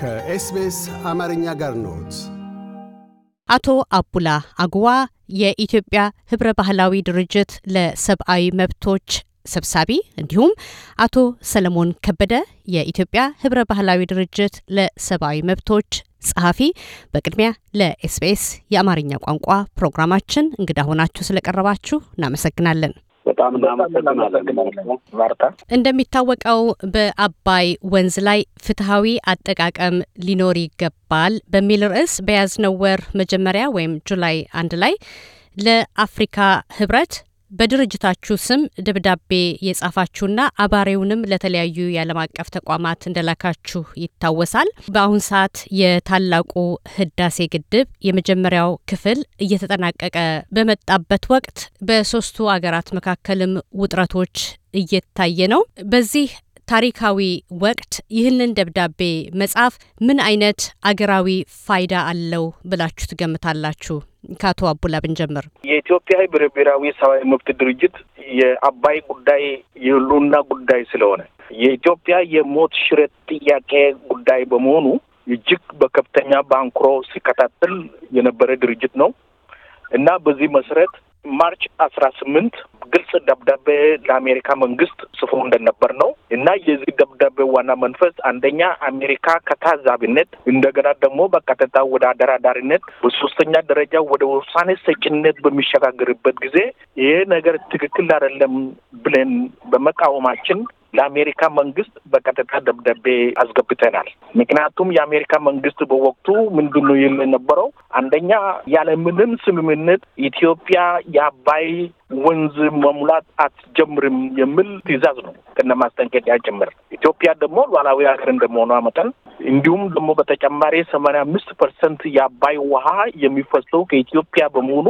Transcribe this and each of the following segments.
ከኤስቤስ አማርኛ ጋር ነት አቶ አቡላ አግዋ የኢትዮጵያ ህብረ ባህላዊ ድርጅት ለሰብአዊ መብቶች ሰብሳቢ እንዲሁም አቶ ሰለሞን ከበደ የኢትዮጵያ ህብረ ባህላዊ ድርጅት ለሰብአዊ መብቶች ጸሐፊ፣ በቅድሚያ ለኤስቢኤስ የአማርኛ ቋንቋ ፕሮግራማችን እንግዳ ሆናችሁ ስለቀረባችሁ እናመሰግናለን። በጣም እናመሰግናለን ማርታ። እንደሚታወቀው በአባይ ወንዝ ላይ ፍትሐዊ አጠቃቀም ሊኖር ይገባል በሚል ርዕስ በያዝነው ወር መጀመሪያ ወይም ጁላይ አንድ ላይ ለአፍሪካ ህብረት በድርጅታችሁ ስም ደብዳቤ የጻፋችሁና አባሬውንም ለተለያዩ የዓለም አቀፍ ተቋማት እንደላካችሁ ይታወሳል። በአሁን ሰዓት የታላቁ ህዳሴ ግድብ የመጀመሪያው ክፍል እየተጠናቀቀ በመጣበት ወቅት በሶስቱ አገራት መካከልም ውጥረቶች እየታየ ነው። በዚህ ታሪካዊ ወቅት ይህንን ደብዳቤ መጻፍ ምን አይነት አገራዊ ፋይዳ አለው ብላችሁ ትገምታላችሁ? ከአቶ አቡላ ብንጀምር የኢትዮጵያ ብሔራዊ ሰብአዊ መብት ድርጅት የአባይ ጉዳይ የህልውና ጉዳይ ስለሆነ የኢትዮጵያ የሞት ሽረት ጥያቄ ጉዳይ በመሆኑ እጅግ በከፍተኛ ባንክሮ ሲከታተል የነበረ ድርጅት ነው እና በዚህ መሰረት ማርች አስራ ስምንት ግልጽ ደብዳቤ ለአሜሪካ መንግስት ጽፎ እንደነበር ነው እና የዚህ ደብዳቤ ዋና መንፈስ አንደኛ አሜሪካ ከታዛቢነት እንደገና ደግሞ በቀጥታ ወደ አደራዳሪነት በሶስተኛ ደረጃ ወደ ውሳኔ ሰጭነት በሚሸጋገርበት ጊዜ ይሄ ነገር ትክክል አይደለም ብለን በመቃወማችን ለአሜሪካ መንግስት በቀጥታ ደብዳቤ አስገብተናል። ምክንያቱም የአሜሪካ መንግስት በወቅቱ ምንድን ነው ይል የነበረው አንደኛ ያለምንም ስምምነት ኢትዮጵያ የአባይ ወንዝ መሙላት አትጀምርም የሚል ትዕዛዝ ነው ከነ ማስጠንቀቂያ ጭምር። ኢትዮጵያ ደግሞ ሉዓላዊ ሀገር እንደመሆኗ መጠን እንዲሁም ደግሞ በተጨማሪ ሰማንያ አምስት ፐርሰንት የአባይ ውሃ የሚፈሰው ከኢትዮጵያ በመሆኑ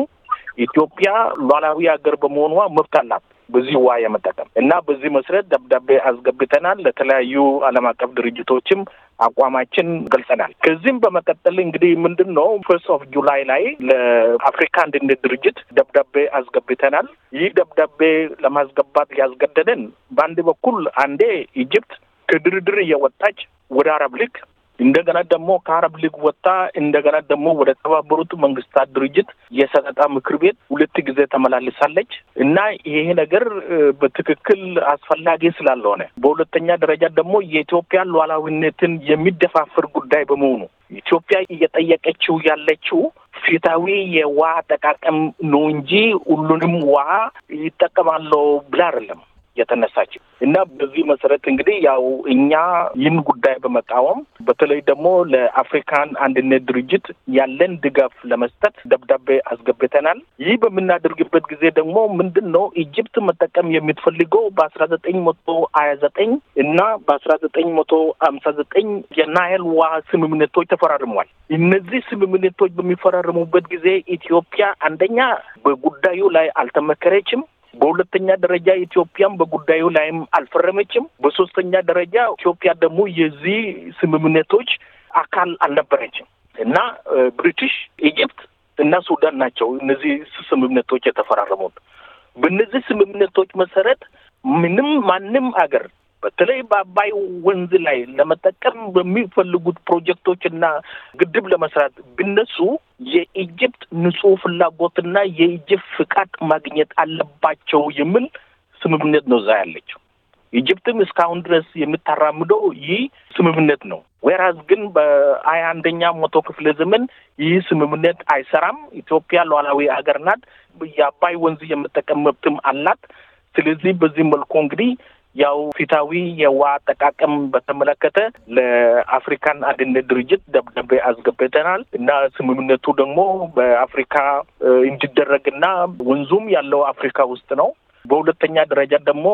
ኢትዮጵያ ሉዓላዊ ሀገር በመሆኗ መብት አላት። በዚህ ውሃ የመጠቀም እና በዚህ መሰረት ደብዳቤ አስገብተናል። ለተለያዩ ዓለም አቀፍ ድርጅቶችም አቋማችን ገልጸናል። ከዚህም በመቀጠል እንግዲህ ምንድን ነው ፈርስት ኦፍ ጁላይ ላይ ለአፍሪካ አንድነት ድርጅት ደብዳቤ አስገብተናል። ይህ ደብዳቤ ለማስገባት ያስገደደን በአንድ በኩል አንዴ ኢጅፕት ከድርድር እየወጣች ወደ አረብ ሊግ እንደገና ደግሞ ከአረብ ሊግ ወጥታ እንደገና ደግሞ ወደ ተባበሩት መንግስታት ድርጅት የሰጠጣ ምክር ቤት ሁለት ጊዜ ተመላልሳለች እና ይሄ ነገር በትክክል አስፈላጊ ስላልሆነ፣ በሁለተኛ ደረጃ ደግሞ የኢትዮጵያ ሉዓላዊነትን የሚደፋፍር ጉዳይ በመሆኑ ኢትዮጵያ እየጠየቀችው ያለችው ፊታዊ የውሃ አጠቃቀም ነው እንጂ ሁሉንም ውሃ ይጠቀማለሁ ብላ አይደለም። የተነሳችው እና በዚህ መሰረት እንግዲህ ያው እኛ ይህን ጉዳይ በመቃወም በተለይ ደግሞ ለአፍሪካን አንድነት ድርጅት ያለን ድጋፍ ለመስጠት ደብዳቤ አስገብተናል። ይህ በምናደርግበት ጊዜ ደግሞ ምንድን ነው ኢጅፕት መጠቀም የምትፈልገው በአስራ ዘጠኝ መቶ ሀያ ዘጠኝ እና በአስራ ዘጠኝ መቶ ሀምሳ ዘጠኝ የናይል ዋ ስምምነቶች ተፈራርሟል። እነዚህ ስምምነቶች በሚፈራረሙበት ጊዜ ኢትዮጵያ አንደኛ በጉዳዩ ላይ አልተመከረችም። በሁለተኛ ደረጃ ኢትዮጵያም በጉዳዩ ላይም አልፈረመችም። በሶስተኛ ደረጃ ኢትዮጵያ ደግሞ የዚህ ስምምነቶች አካል አልነበረችም እና ብሪቲሽ፣ ኢጅፕት እና ሱዳን ናቸው እነዚህ ስምምነቶች የተፈራረሙት። በእነዚህ ስምምነቶች መሰረት ምንም ማንም አገር በተለይ በአባይ ወንዝ ላይ ለመጠቀም በሚፈልጉት ፕሮጀክቶች እና ግድብ ለመስራት ቢነሱ የኢጅፕት ንጹ ፍላጎትና የኢጅፕት ፍቃድ ማግኘት አለባቸው የሚል ስምምነት ነው እዛ ያለችው። ኢጅፕትም እስካሁን ድረስ የምታራምደው ይህ ስምምነት ነው። ወይራዝ ግን በሀያ አንደኛ መቶ ክፍለ ዘመን ይህ ስምምነት አይሰራም። ኢትዮጵያ ሉዓላዊ ሀገር ናት። የአባይ ወንዝ የመጠቀም መብትም አላት። ስለዚህ በዚህ መልኩ እንግዲህ ያው ፊታዊ የውሃ አጠቃቀም በተመለከተ ለአፍሪካን አንድነት ድርጅት ደብዳቤ አስገብተናል እና ስምምነቱ ደግሞ በአፍሪካ እንዲደረግና ወንዙም ያለው አፍሪካ ውስጥ ነው። በሁለተኛ ደረጃ ደግሞ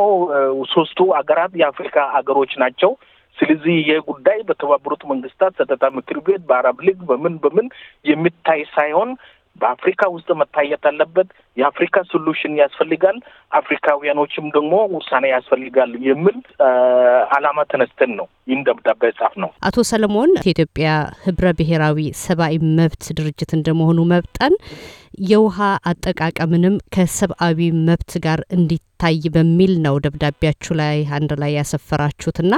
ሶስቱ አገራት የአፍሪካ አገሮች ናቸው። ስለዚህ ይህ ጉዳይ በተባበሩት መንግስታት ጸጥታ ምክር ቤት በአረብ ሊግ በምን በምን የሚታይ ሳይሆን በአፍሪካ ውስጥ መታየት አለበት። የአፍሪካ ሶሉሽን ያስፈልጋል፣ አፍሪካውያኖችም ደግሞ ውሳኔ ያስፈልጋል የሚል አላማ ተነስተን ነው ይህን ደብዳቤ ጻፍ ነው። አቶ ሰለሞን የኢትዮጵያ ህብረ ብሔራዊ ሰብአዊ መብት ድርጅት እንደመሆኑ መብጠን የውሃ አጠቃቀምንም ከሰብአዊ መብት ጋር እንዲታይ በሚል ነው ደብዳቤያችሁ ላይ አንድ ላይ ያሰፈራችሁትና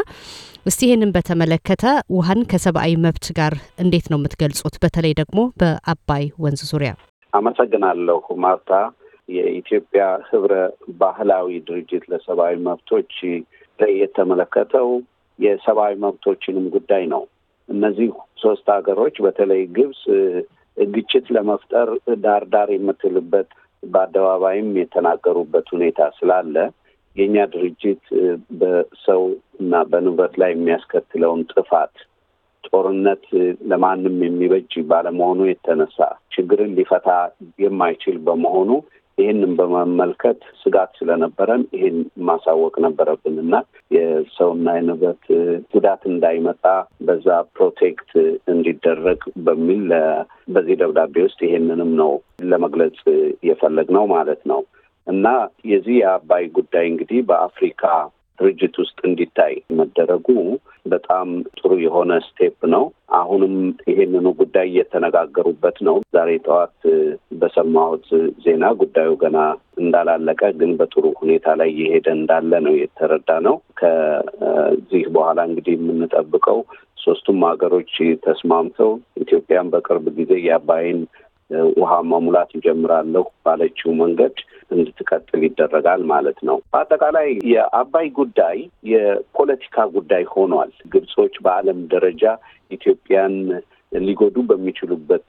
እስቲ ይህንን በተመለከተ ውሃን ከሰብአዊ መብት ጋር እንዴት ነው የምትገልጹት? በተለይ ደግሞ በአባይ ወንዝ ዙሪያ። አመሰግናለሁ ማርታ። የኢትዮጵያ ህብረ ባህላዊ ድርጅት ለሰብአዊ መብቶች ላይ የተመለከተው የሰብአዊ መብቶችንም ጉዳይ ነው። እነዚህ ሶስት ሀገሮች በተለይ ግብጽ ግጭት ለመፍጠር ዳር ዳር የምትልበት በአደባባይም የተናገሩበት ሁኔታ ስላለ የእኛ ድርጅት በሰው እና በንብረት ላይ የሚያስከትለውን ጥፋት ጦርነት ለማንም የሚበጅ ባለመሆኑ የተነሳ ችግርን ሊፈታ የማይችል በመሆኑ ይህንን በማመልከት ስጋት ስለነበረን ይህን ማሳወቅ ነበረብን እና የሰውና የንብረት ጉዳት እንዳይመጣ በዛ ፕሮቴክት እንዲደረግ በሚል በዚህ ደብዳቤ ውስጥ ይሄንንም ነው ለመግለጽ የፈለግነው ማለት ነው እና የዚህ የአባይ ጉዳይ እንግዲህ በአፍሪካ ድርጅት ውስጥ እንዲታይ መደረጉ በጣም ጥሩ የሆነ ስቴፕ ነው። አሁንም ይሄንኑ ጉዳይ እየተነጋገሩበት ነው። ዛሬ ጠዋት በሰማሁት ዜና ጉዳዩ ገና እንዳላለቀ ግን በጥሩ ሁኔታ ላይ እየሄደ እንዳለ ነው የተረዳ ነው። ከዚህ በኋላ እንግዲህ የምንጠብቀው ሶስቱም ሀገሮች ተስማምተው ኢትዮጵያን በቅርብ ጊዜ የአባይን ውሃ መሙላት እጀምራለሁ ባለችው መንገድ እንድትቀጥል ይደረጋል ማለት ነው። በአጠቃላይ የአባይ ጉዳይ የፖለቲካ ጉዳይ ሆኗል። ግብጾች በዓለም ደረጃ ኢትዮጵያን ሊጎዱ በሚችሉበት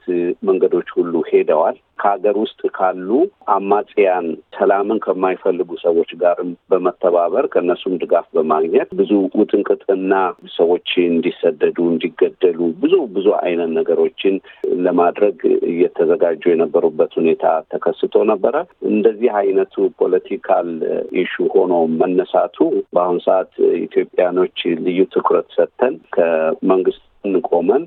መንገዶች ሁሉ ሄደዋል። ከሀገር ውስጥ ካሉ አማጽያን ሰላምን ከማይፈልጉ ሰዎች ጋርም በመተባበር ከእነሱም ድጋፍ በማግኘት ብዙ ውጥንቅጥና ሰዎች እንዲሰደዱ፣ እንዲገደሉ ብዙ ብዙ አይነት ነገሮችን ለማድረግ እየተዘጋጁ የነበሩበት ሁኔታ ተከስቶ ነበረ። እንደዚህ አይነቱ ፖለቲካል ኢሹ ሆኖ መነሳቱ በአሁኑ ሰዓት ኢትዮጵያኖች ልዩ ትኩረት ሰጥተን ከመንግስት ቆመን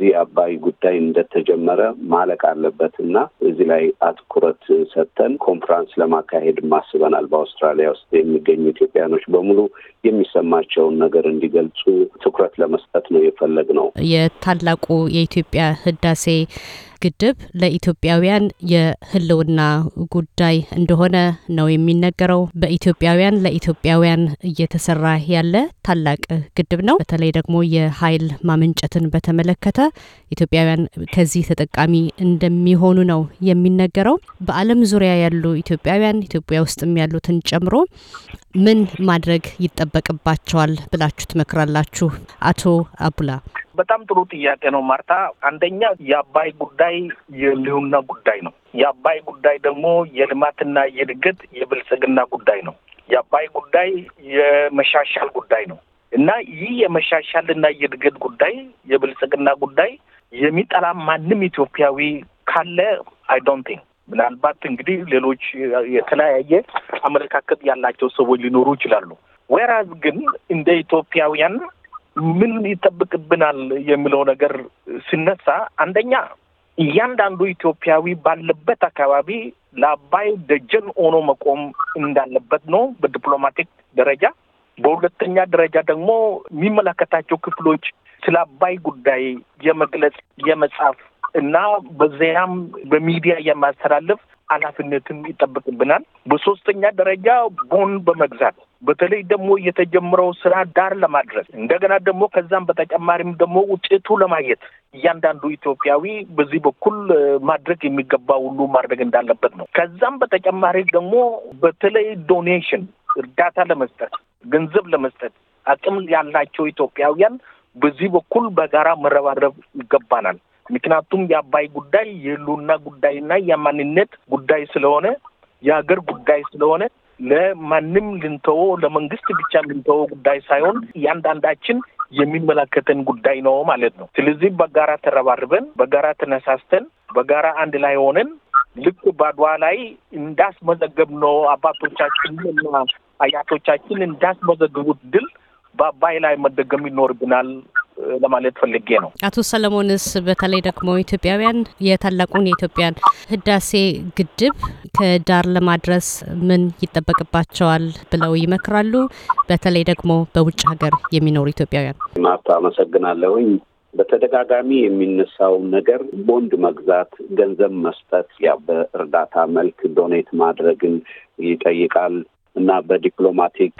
የዚህ አባይ ጉዳይ እንደተጀመረ ማለቅ አለበት እና እዚህ ላይ አትኩረት ሰጥተን ኮንፍራንስ ለማካሄድ ማስበናል። በአውስትራሊያ ውስጥ የሚገኙ ኢትዮጵያኖች በሙሉ የሚሰማቸውን ነገር እንዲገልጹ ትኩረት ለመስጠት ነው የፈለግ ነው። የታላቁ የኢትዮጵያ ህዳሴ ግድብ ለኢትዮጵያውያን የህልውና ጉዳይ እንደሆነ ነው የሚነገረው። በኢትዮጵያውያን ለኢትዮጵያውያን እየተሰራ ያለ ታላቅ ግድብ ነው። በተለይ ደግሞ የኃይል ማመንጨትን በተመለከተ ኢትዮጵያውያን ከዚህ ተጠቃሚ እንደሚሆኑ ነው የሚነገረው። በዓለም ዙሪያ ያሉ ኢትዮጵያውያን ኢትዮጵያ ውስጥም ያሉትን ጨምሮ ምን ማድረግ ይጠበቅባቸዋል ብላችሁ ትመክራላችሁ? አቶ አቡላ በጣም ጥሩ ጥያቄ ነው ማርታ። አንደኛ የአባይ ጉዳይ የህልውና ጉዳይ ነው። የአባይ ጉዳይ ደግሞ የልማትና የእድገት የብልጽግና ጉዳይ ነው። የአባይ ጉዳይ የመሻሻል ጉዳይ ነው እና ይህ የመሻሻልና የእድገት ጉዳይ የብልጽግና ጉዳይ የሚጠላ ማንም ኢትዮጵያዊ ካለ አይ ዶንት ቲንክ ምናልባት እንግዲህ ሌሎች የተለያየ አመለካከት ያላቸው ሰዎች ሊኖሩ ይችላሉ። ወራዝ ግን እንደ ኢትዮጵያውያን ምን ይጠብቅብናል የሚለው ነገር ሲነሳ አንደኛ እያንዳንዱ ኢትዮጵያዊ ባለበት አካባቢ ለአባይ ደጀን ሆኖ መቆም እንዳለበት ነው በዲፕሎማቲክ ደረጃ። በሁለተኛ ደረጃ ደግሞ የሚመለከታቸው ክፍሎች ስለ አባይ ጉዳይ የመግለጽ የመጻፍ እና በዚያም በሚዲያ የማስተላለፍ ኃላፊነትም ይጠብቅብናል። በሶስተኛ ደረጃ ቦን በመግዛት በተለይ ደግሞ የተጀመረው ስራ ዳር ለማድረስ እንደገና ደግሞ ከዛም በተጨማሪም ደግሞ ውጤቱ ለማየት እያንዳንዱ ኢትዮጵያዊ በዚህ በኩል ማድረግ የሚገባ ሁሉ ማድረግ እንዳለበት ነው። ከዛም በተጨማሪ ደግሞ በተለይ ዶኔሽን እርዳታ ለመስጠት ገንዘብ ለመስጠት አቅም ያላቸው ኢትዮጵያውያን በዚህ በኩል በጋራ መረባረብ ይገባናል። ምክንያቱም የአባይ ጉዳይ የህልውና ጉዳይና የማንነት ጉዳይ ስለሆነ የሀገር ጉዳይ ስለሆነ ለማንም ልንተወ ለመንግስት ብቻ ልንተወ ጉዳይ ሳይሆን እያንዳንዳችን የሚመለከተን ጉዳይ ነው ማለት ነው። ስለዚህ በጋራ ተረባርበን፣ በጋራ ተነሳስተን፣ በጋራ አንድ ላይ ሆነን ልክ ባድዋ ላይ እንዳስመዘገብ ነው አባቶቻችንና አያቶቻችን እንዳስመዘግቡት ድል በአባይ ላይ መደገም ይኖርብናል ለማለት ፈልጌ ነው። አቶ ሰለሞንስ በተለይ ደግሞ ኢትዮጵያውያን የታላቁን የኢትዮጵያን ህዳሴ ግድብ ከዳር ለማድረስ ምን ይጠበቅባቸዋል ብለው ይመክራሉ? በተለይ ደግሞ በውጭ ሀገር የሚኖሩ ኢትዮጵያውያን። ማርታ አመሰግናለሁኝ። በተደጋጋሚ የሚነሳው ነገር ቦንድ መግዛት፣ ገንዘብ መስጠት፣ ያ በእርዳታ መልክ ዶኔት ማድረግን ይጠይቃል እና በዲፕሎማቲክ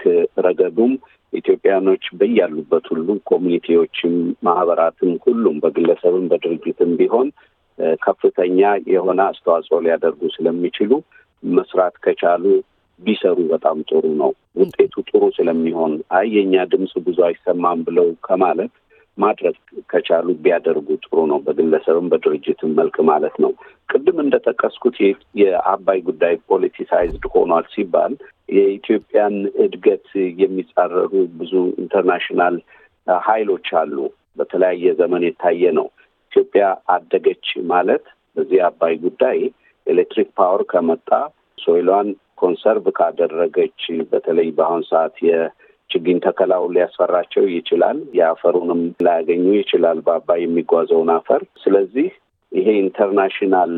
ረገዱም ኢትዮጵያኖች በያሉበት ሁሉ ኮሚኒቲዎችም፣ ማህበራትም፣ ሁሉም በግለሰብም በድርጅትም ቢሆን ከፍተኛ የሆነ አስተዋጽኦ ሊያደርጉ ስለሚችሉ መስራት ከቻሉ ቢሰሩ በጣም ጥሩ ነው። ውጤቱ ጥሩ ስለሚሆን አይ የእኛ ድምፅ ብዙ አይሰማም ብለው ከማለት ማድረግ ከቻሉ ቢያደርጉ ጥሩ ነው። በግለሰብም በድርጅትም መልክ ማለት ነው። ቅድም እንደጠቀስኩት የአባይ ጉዳይ ፖለቲሳይዝድ ሆኗል ሲባል የኢትዮጵያን እድገት የሚጻረሩ ብዙ ኢንተርናሽናል ኃይሎች አሉ። በተለያየ ዘመን የታየ ነው። ኢትዮጵያ አደገች ማለት በዚህ አባይ ጉዳይ ኤሌክትሪክ ፓወር ከመጣ ሶይሏን ኮንሰርቭ ካደረገች በተለይ በአሁን ሰዓት ችግኝ ተከላው ሊያስፈራቸው ይችላል። የአፈሩንም ላያገኙ ይችላል፣ በአባይ የሚጓዘውን አፈር። ስለዚህ ይሄ ኢንተርናሽናል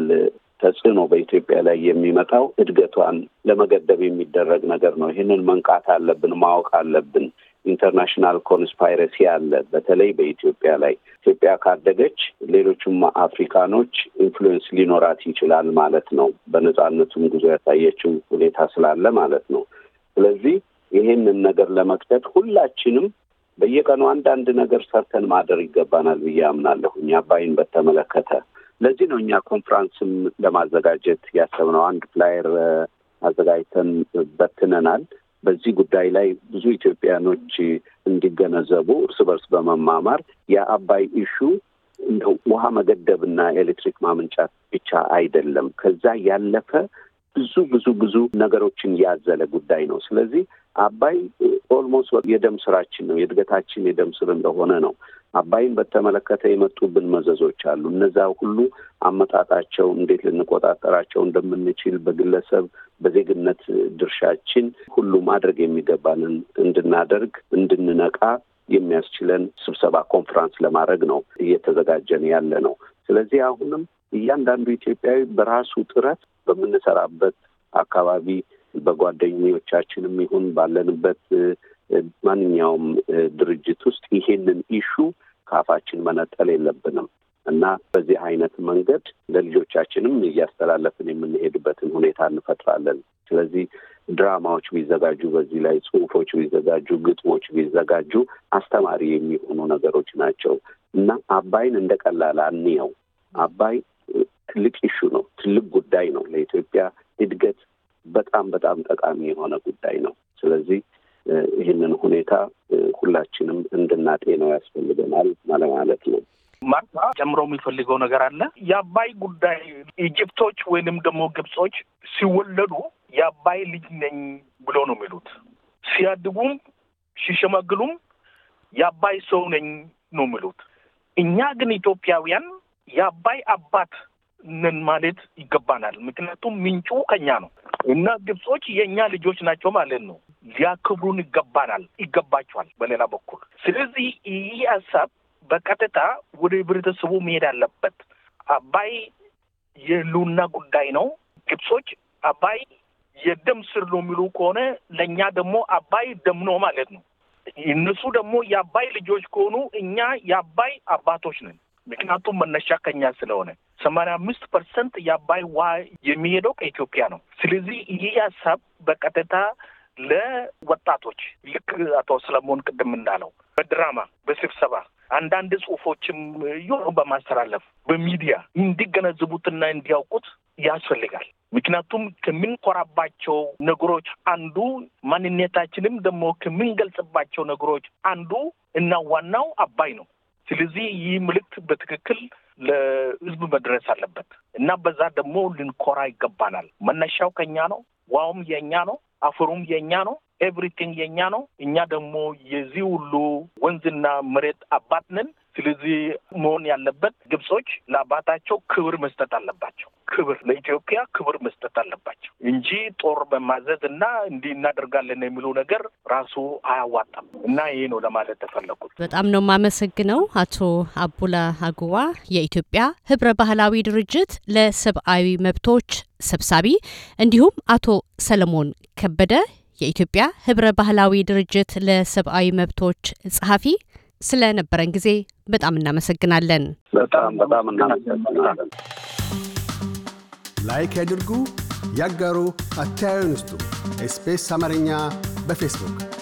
ተጽዕኖ በኢትዮጵያ ላይ የሚመጣው እድገቷን ለመገደብ የሚደረግ ነገር ነው። ይህንን መንቃት አለብን፣ ማወቅ አለብን። ኢንተርናሽናል ኮንስፓይረሲ አለ፣ በተለይ በኢትዮጵያ ላይ። ኢትዮጵያ ካደገች ሌሎችም አፍሪካኖች ኢንፍሉዌንስ ሊኖራት ይችላል ማለት ነው። በነጻነቱም ጉዞ ያሳየችው ሁኔታ ስላለ ማለት ነው። ስለዚህ ይሄንን ነገር ለመክተት ሁላችንም በየቀኑ አንዳንድ ነገር ሰርተን ማደር ይገባናል ብዬ አምናለሁ። እኛ አባይን በተመለከተ ለዚህ ነው እኛ ኮንፍራንስም ለማዘጋጀት ያሰብነው። አንድ ፍላየር አዘጋጅተን በትነናል። በዚህ ጉዳይ ላይ ብዙ ኢትዮጵያኖች እንዲገነዘቡ እርስ በርስ በመማማር የአባይ ኢሹ ውሃ መገደብና ኤሌክትሪክ ማመንጫት ብቻ አይደለም። ከዛ ያለፈ ብዙ ብዙ ብዙ ነገሮችን ያዘለ ጉዳይ ነው። ስለዚህ አባይ ኦልሞስት የደም ስራችን ነው፣ የእድገታችን የደም ስር እንደሆነ ነው። አባይን በተመለከተ የመጡብን መዘዞች አሉ። እነዛ ሁሉ አመጣጣቸው እንዴት ልንቆጣጠራቸው እንደምንችል በግለሰብ በዜግነት ድርሻችን ሁሉ ማድረግ የሚገባንን እንድናደርግ እንድንነቃ የሚያስችለን ስብሰባ ኮንፈራንስ ለማድረግ ነው እየተዘጋጀን ያለ ነው። ስለዚህ አሁንም እያንዳንዱ ኢትዮጵያዊ በራሱ ጥረት በምንሰራበት አካባቢ በጓደኞቻችንም ይሁን ባለንበት ማንኛውም ድርጅት ውስጥ ይሄንን ኢሹ ከአፋችን መነጠል የለብንም እና በዚህ አይነት መንገድ ለልጆቻችንም እያስተላለፍን የምንሄድበትን ሁኔታ እንፈጥራለን። ስለዚህ ድራማዎች ቢዘጋጁ፣ በዚህ ላይ ጽሁፎች ቢዘጋጁ፣ ግጥሞች ቢዘጋጁ አስተማሪ የሚሆኑ ነገሮች ናቸው እና አባይን እንደ ቀላል አንየው። አባይ ትልቅ ኢሹ ነው፣ ትልቅ ጉዳይ ነው። ለኢትዮጵያ እድገት በጣም በጣም ጠቃሚ የሆነ ጉዳይ ነው። ስለዚህ ይህንን ሁኔታ ሁላችንም እንድናጤነው ያስፈልገናል ማለማለት ነው። ማርታ ጨምሮ የሚፈልገው ነገር አለ። የአባይ ጉዳይ ኢጅፕቶች ወይንም ደግሞ ግብጾች ሲወለዱ የአባይ ልጅ ነኝ ብሎ ነው የሚሉት። ሲያድጉም ሲሸመግሉም የአባይ ሰው ነኝ ነው የሚሉት። እኛ ግን ኢትዮጵያውያን የአባይ አባት ነን ማለት ይገባናል። ምክንያቱም ምንጩ ከኛ ነው እና ግብጾች የእኛ ልጆች ናቸው ማለት ነው። ሊያክብሩን ይገባናል፣ ይገባቸዋል በሌላ በኩል። ስለዚህ ይህ ሀሳብ በቀጥታ ወደ ህብረተሰቡ መሄድ አለበት። አባይ የህልውና ጉዳይ ነው። ግብጾች አባይ የደም ስር ነው የሚሉ ከሆነ ለእኛ ደግሞ አባይ ደም ነው ማለት ነው። እነሱ ደግሞ የአባይ ልጆች ከሆኑ እኛ የአባይ አባቶች ነን። ምክንያቱም መነሻ ከኛ ስለሆነ ሰማንያ አምስት ፐርሰንት የአባይ ውሃ የሚሄደው ከኢትዮጵያ ነው። ስለዚህ ይህ ሀሳብ በቀጥታ ለወጣቶች ልክ አቶ ሰለሞን ቅድም እንዳለው በድራማ በስብሰባ አንዳንድ ጽሁፎችም የሆኑ በማስተላለፍ በሚዲያ እንዲገነዝቡትና እንዲያውቁት ያስፈልጋል። ምክንያቱም ከምንኮራባቸው ነገሮች አንዱ ማንነታችንም ደግሞ ከምንገልጽባቸው ነገሮች አንዱ እና ዋናው አባይ ነው። ስለዚህ ይህ ምልክት በትክክል ለህዝብ መድረስ አለበት እና በዛ ደግሞ ልንኮራ ይገባናል። መነሻው ከኛ ነው፣ ዋውም የኛ ነው፣ አፈሩም የኛ ነው፣ ኤቭሪቲንግ የኛ ነው። እኛ ደግሞ የዚህ ሁሉ ወንዝና መሬት አባት ነን። ስለዚህ መሆን ያለበት ግብጾች ለአባታቸው ክብር መስጠት አለባቸው። ክብር ለኢትዮጵያ ክብር መስጠት አለባቸው እንጂ ጦር በማዘዝ እና እንዲህ እናደርጋለን የሚሉ ነገር ራሱ አያዋጣም እና ይሄ ነው ለማለት ተፈለጉት። በጣም ነው የማመሰግነው አቶ አቡላ አጉዋ የኢትዮጵያ ህብረ ባህላዊ ድርጅት ለሰብአዊ መብቶች ሰብሳቢ፣ እንዲሁም አቶ ሰለሞን ከበደ የኢትዮጵያ ህብረ ባህላዊ ድርጅት ለሰብአዊ መብቶች ጸሐፊ ስለነበረን ጊዜ በጣም እናመሰግናለን። በጣም በጣም እናመሰግናለን። ላይክ ያድርጉ፣ ያጋሩ፣ አስተያየትዎን ይስጡ። ኤስፔስ አማርኛ በፌስቡክ